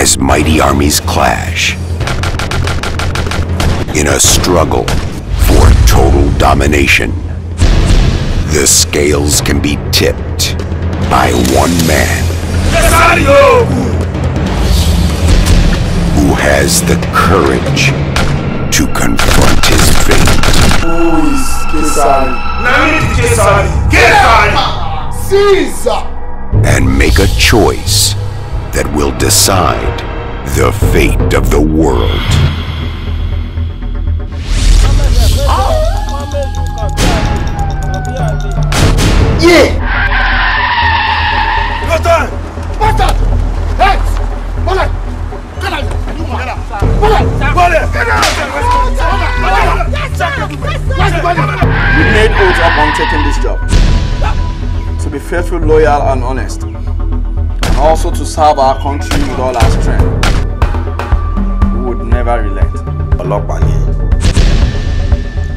as mighty armies clash in a struggle for total domination. The scales can be tipped by one man who has the courage to confront his fate. Who is Kesari? Caesar! And make a choice that will decide the fate of the world. Yeah! Matan! We made oath upon taking this job. To be faithful, loyal, and honest. also to serve our country with all our strength. We would never relent. ọlọ́pàá ni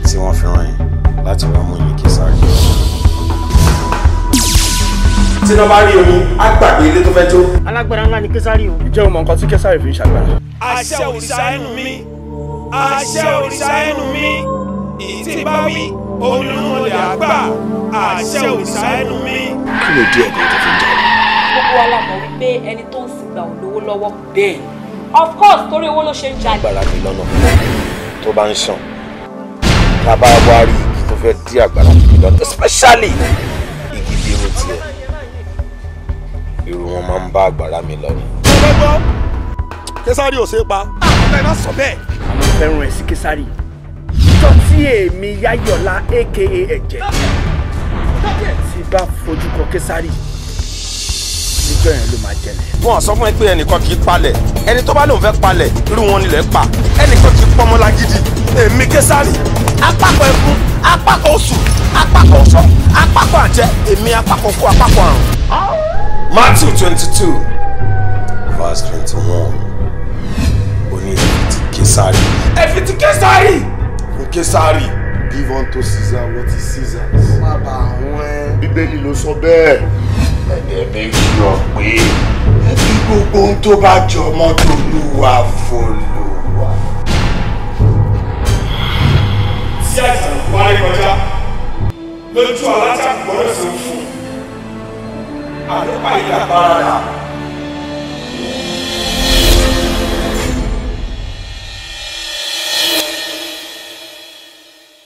tí wọ́n fi ràn yín láti wá mú ìlú Kesari. tí náà bá rí omi á gbàgbé ilé tó fẹ́ tó. alágbára ńlá ni Kesari o. ìjẹ́ o mọ nǹkan tí Kesari fi ń ṣàgbára. àṣẹ òrìṣà ẹnu mi àṣẹ òrìṣà ẹnu mi ìtì bá wí olùmọ̀lẹ̀ àgbà àṣẹ òrìṣà ẹnu mi. kí ló dé ẹ̀kọ́ tó fi ń jáde gbogbo wa la mọ̀ wípé ẹni tó ń sìgbà ò lówó lọ́wọ́. bẹ́ẹ̀ of course torí owó ló ṣe ń jalè. àgbàrá mi lọ́nà tó bá ń ṣàn tá a bá wá rí igi tó fẹ́ dí àgbàrá mi lọ́nà especially igi bí irú tiẹ̀ irú wọn máa ń bá àgbàrá mi lọ́nà. ṣé gbọ́ késàrí ò ṣe é pa. àwọn ah, ẹ̀rọ sọ bẹ́ẹ̀. àwọn fẹ́ràn ẹ̀ sí késàrí ìjọ tí èmi yáyọ̀lá aka ẹ̀jẹ̀ ti bá fojú kọ késàrí ọjọ́ yẹn ló máa jẹlẹ̀. wọn sọ fún mi pé ẹnìkan kì í palẹ̀ ẹni tó bá lóun fẹ́ palẹ̀ irú wọn nílẹ̀ pa ẹnìkan kì í pọmọlá gidi èmi késàrì apákọ̀ ẹkún apákọ̀ oṣù apákọ̀ ọ̀ṣọ́ apákọ̀ àjẹ́ èmi apákọ̀ kú apákọ̀ àrùn. Matthew twenty two verse twenty one ó ní ẹ̀fì ti késàrì. ẹ̀fì késàrì. fún késàrì give unto Caesar what is Caesar? má bàa wọn ẹ. bíbélì ló sọ bẹ́ẹ̀ ẹ̀dẹ̀ make sure pé ẹbí gbogbo ohun tó bá jọ mọ́tò olúwa fọlùwà. tí àìsàn kò wá rí kọjá lójú alájà gbọ́dọ̀ sí fún un àlùpàá ìyá bá rà.